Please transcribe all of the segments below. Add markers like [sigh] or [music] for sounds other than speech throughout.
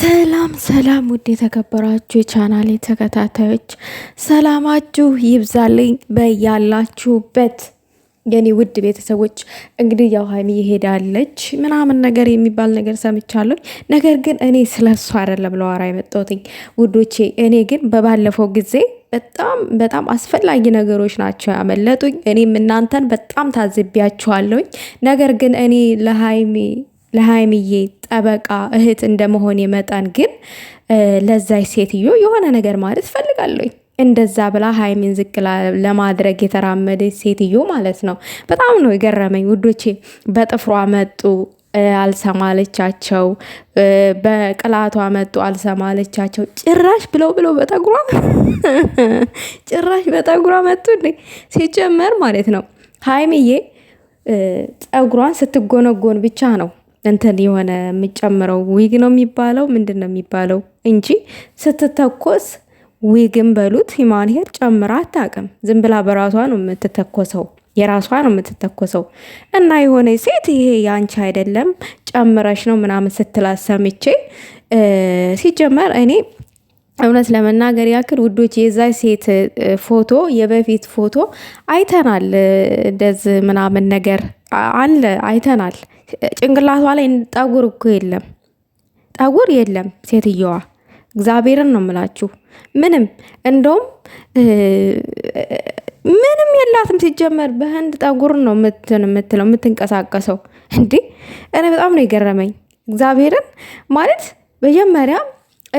ሰላም ሰላም፣ ውድ የተከበራችሁ የቻናሌ ተከታታዮች ሰላማችሁ ይብዛልኝ በያላችሁበት። የኔ ውድ ቤተሰቦች እንግዲህ ያው ሀይሚ ይሄዳለች ምናምን ነገር የሚባል ነገር ሰምቻለሁ። ነገር ግን እኔ ስለ እሱ አይደለም ለዋራ የመጣሁትኝ ውዶቼ። እኔ ግን በባለፈው ጊዜ በጣም በጣም አስፈላጊ ነገሮች ናቸው ያመለጡኝ። እኔም እናንተን በጣም ታዝቢያችኋለሁኝ። ነገር ግን እኔ ለሀይሚ ለሀይምዬ ጠበቃ እህት እንደመሆን የመጣን ግን ለዛች ሴትዮ የሆነ ነገር ማለት ፈልጋለኝ። እንደዛ ብላ ሀይሚን ዝቅ ለማድረግ የተራመደች ሴትዮ ማለት ነው። በጣም ነው የገረመኝ ውዶቼ። በጥፍሯ መጡ አልሰማለቻቸው፣ በቅላቷ መጡ አልሰማለቻቸው። ጭራሽ ብለው ብለው በጠጉሯ [laughs] ጭራሽ በጠጉሯ መጡ ሲጀመር ማለት ነው ሀይሚዬ ፀጉሯን ስትጎነጎን ብቻ ነው እንትን የሆነ የምጨምረው ዊግ ነው የሚባለው ምንድን ነው የሚባለው እንጂ ስትተኮስ ዊግን በሉት ሂማንሄር ጨምራ አታውቅም። ዝም ብላ በራሷ ነው የምትተኮሰው፣ የራሷ ነው የምትተኮሰው። እና የሆነ ሴት ይሄ ያንቺ አይደለም ጨምረሽ ነው ምናምን ስትላት ሰምቼ ሲጀመር እኔ እውነት ለመናገር ያክል ውዶች የዛ ሴት ፎቶ የበፊት ፎቶ አይተናል፣ እንደዚህ ምናምን ነገር አለ አይተናል። ጭንቅላቷ ላይ ጠጉር እኮ የለም፣ ጠጉር የለም ሴትየዋ። እግዚአብሔርን ነው የምላችሁ። ምንም እንደውም ምንም የላትም ሲጀመር። በህንድ ጠጉር ነው የምትለው የምትንቀሳቀሰው። እንዴ እኔ በጣም ነው የገረመኝ። እግዚአብሔርን ማለት መጀመሪያ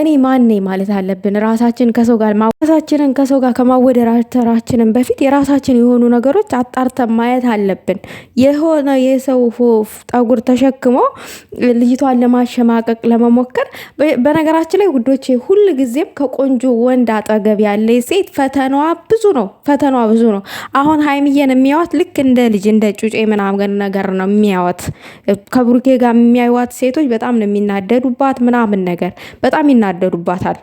እኔ ማን ነኝ ማለት አለብን። ራሳችን ከሰው ጋር ራሳችንን ከሰው ጋር ከማወዳደራችንን በፊት የራሳችን የሆኑ ነገሮች አጣርተን ማየት አለብን። የሆነ የሰው ጠጉር ተሸክሞ ልጅቷን ለማሸማቀቅ ለመሞከር፣ በነገራችን ላይ ውዶቼ፣ ሁል ጊዜም ከቆንጆ ወንድ አጠገብ ያለ ሴት ፈተናዋ ብዙ ነው። ፈተናዋ ብዙ ነው። አሁን ሀይሚዬን የሚያዋት ልክ እንደ ልጅ እንደ ጩጬ ምናምን ነገር ነው የሚያዋት። ከብሩኬ ጋር የሚያዩዋት ሴቶች በጣም ነው የሚናደዱባት ምናምን ነገር፣ በጣም ይናደዱባታል።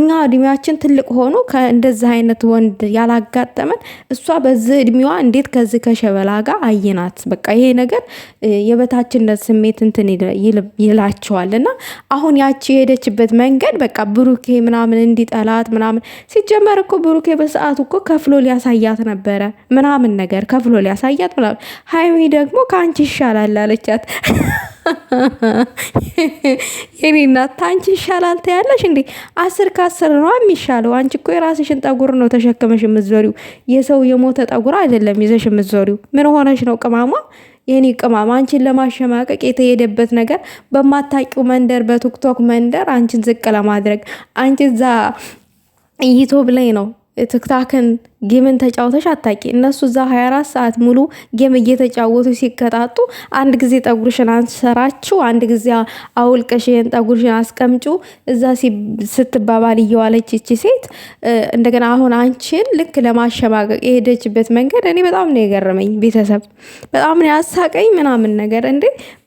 እኛ እድሜያችን ትልቅ ሆኖ ከእንደዚህ አይነት ወንድ ያላጋጠመን እሷ በዚህ እድሜዋ እንዴት ከዚህ ከሸበላ ጋር አይናት? በቃ ይሄ ነገር የበታችነት ስሜት እንትን ይላቸዋል። እና አሁን ያቺ የሄደችበት መንገድ በቃ ብሩኬ ምናምን እንዲጠላት ምናምን ሲጀመር እኮ ብሩኬ በሰዓቱ እኮ ከፍሎ ሊያሳያት ነበረ ምናምን ነገር ከፍሎ ሊያሳያት ምናምን። ሀይሚ ደግሞ ከአንቺ ይሻላል አለቻት። [laughs] [laughs] የኔ እናት አንቺ ይሻላል ታያለሽ እንዴ? አስር ከአስር ነው የሚሻለው። አንቺ እኮ የራስሽን ጠጉር ነው ተሸክመሽ የምትዞሪው፣ የሰው የሞተ ጠጉር አይደለም ይዘሽ የምትዞሪው። ምን ሆነሽ ነው ቅማሟ? የኔ ቅማም አንቺን ለማሸማቀቅ የተሄደበት ነገር በማታቂው መንደር፣ በቲክቶክ መንደር አንቺን ዝቅ ለማድረግ አንቺ እዛ ይቶ ብለኝ ነው ትክታክን ጌምን ተጫውተሽ አታቂ። እነሱ እዛ 24 ሰዓት ሙሉ ጌም እየተጫወቱ ሲቀጣጡ፣ አንድ ጊዜ ጠጉርሽን አንሰራችው፣ አንድ ጊዜ አውልቀሽን ጠጉርሽን አስቀምጩ እዛ ስትባባል እየዋለች ይቺ ሴት እንደገና አሁን አንቺን ልክ ለማሸማቀቅ የሄደችበት መንገድ እኔ በጣም ነው የገረመኝ። ቤተሰብ በጣም ነው ያሳቀኝ ምናምን ነገር እንዴ!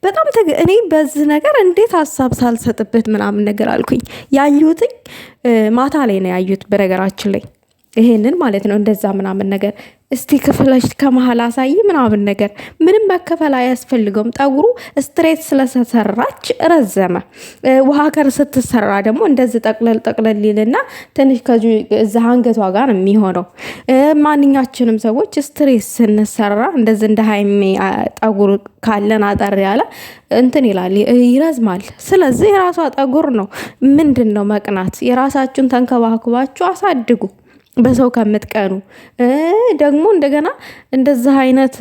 በጣም እኔ በዚህ ነገር እንዴት ሀሳብ ሳልሰጥበት ምናምን ነገር አልኩኝ። ያዩትኝ ማታ ላይ ነው ያዩት በነገራችን ላይ ይሄንን ማለት ነው እንደዛ ምናምን ነገር እስቲ ክፍለሽ ከመሀል አሳይ ምናምን ነገር ምንም መከፈል አያስፈልገውም። ጠጉሩ ስትሬት ስለተሰራች ረዘመ። ውሃ ከር ስትሰራ ደግሞ እንደዚህ ጠቅለል ጠቅለል ይልና ትንሽ ከዚ አንገቷ ጋር የሚሆነው ማንኛችንም ሰዎች ስትሬት ስንሰራ እንደዚህ እንደ ሀይሜ ጠጉር ካለን አጠር ያለ እንትን ይላል ይረዝማል። ስለዚህ የራሷ ጠጉር ነው። ምንድን ነው መቅናት? የራሳችሁን ተንከባክባችሁ አሳድጉ። በሰው ከምትቀኑ ደግሞ እንደገና እንደዚህ አይነት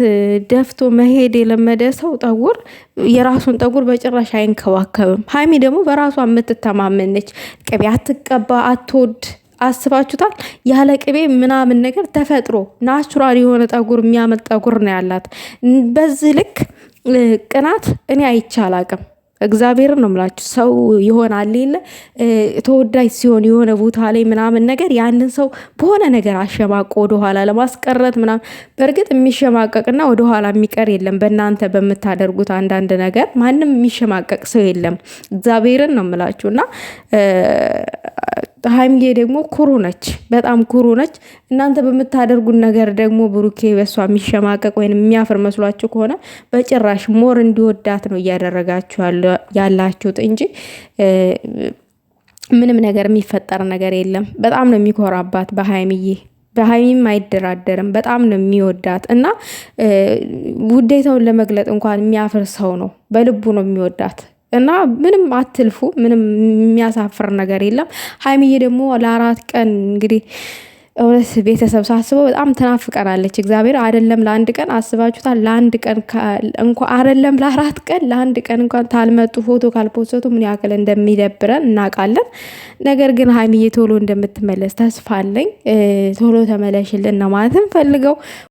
ደፍቶ መሄድ የለመደ ሰው ጠጉር የራሱን ጠጉር በጭራሽ አይንከባከብም። ሀይሚ ደግሞ በራሷ የምትተማመን ነች። ቅቤ አትቀባ፣ አትወድ። አስባችሁታል? ያለ ቅቤ ምናምን ነገር ተፈጥሮ ናቹራል የሆነ ጠጉር የሚያመጥ ጠጉር ነው ያላት። በዚህ ልክ ቅናት እኔ አይቻላቅም። እግዚአብሔርን ነው የምላችሁ። ሰው ይሆናል የለ ተወዳጅ ሲሆን የሆነ ቦታ ላይ ምናምን ነገር ያንን ሰው በሆነ ነገር አሸማቆ ወደኋላ ለማስቀረት ምናምን። በእርግጥ የሚሸማቀቅና ወደኋላ የሚቀር የለም። በእናንተ በምታደርጉት አንዳንድ ነገር ማንም የሚሸማቀቅ ሰው የለም። እግዚአብሔርን ነው የምላችሁ እና ሀይሚዬ ደግሞ ኩሩ ነች፣ በጣም ኩሩ ነች። እናንተ በምታደርጉት ነገር ደግሞ ብሩኬ በሷ የሚሸማቀቅ ወይም የሚያፍር መስሏችሁ ከሆነ በጭራሽ ሞር እንዲወዳት ነው እያደረጋችሁ ያላችሁት እንጂ ምንም ነገር የሚፈጠር ነገር የለም። በጣም ነው የሚኮራባት በሀይሚዬ በሀይሚም አይደራደርም። በጣም ነው የሚወዳት እና ውዴታውን ለመግለጥ እንኳን የሚያፍር ሰው ነው። በልቡ ነው የሚወዳት። እና ምንም አትልፉ። ምንም የሚያሳፍር ነገር የለም። ሀይሚዬ ደግሞ ለአራት ቀን እንግዲህ እውነት ቤተሰብ ሳስበው በጣም ትናፍቀናለች። እግዚአብሔር አይደለም ለአንድ ቀን አስባችሁታል? ለአንድ ቀን እንኳ አደለም ለአራት ቀን ለአንድ ቀን እንኳን ታልመጡ ፎቶ ካልፖሰቱ ምን ያክል እንደሚደብረን እናውቃለን። ነገር ግን ሀይሚዬ ቶሎ እንደምትመለስ ተስፋ አለኝ። ቶሎ ተመለሽልን ነው ማለትም ፈልገው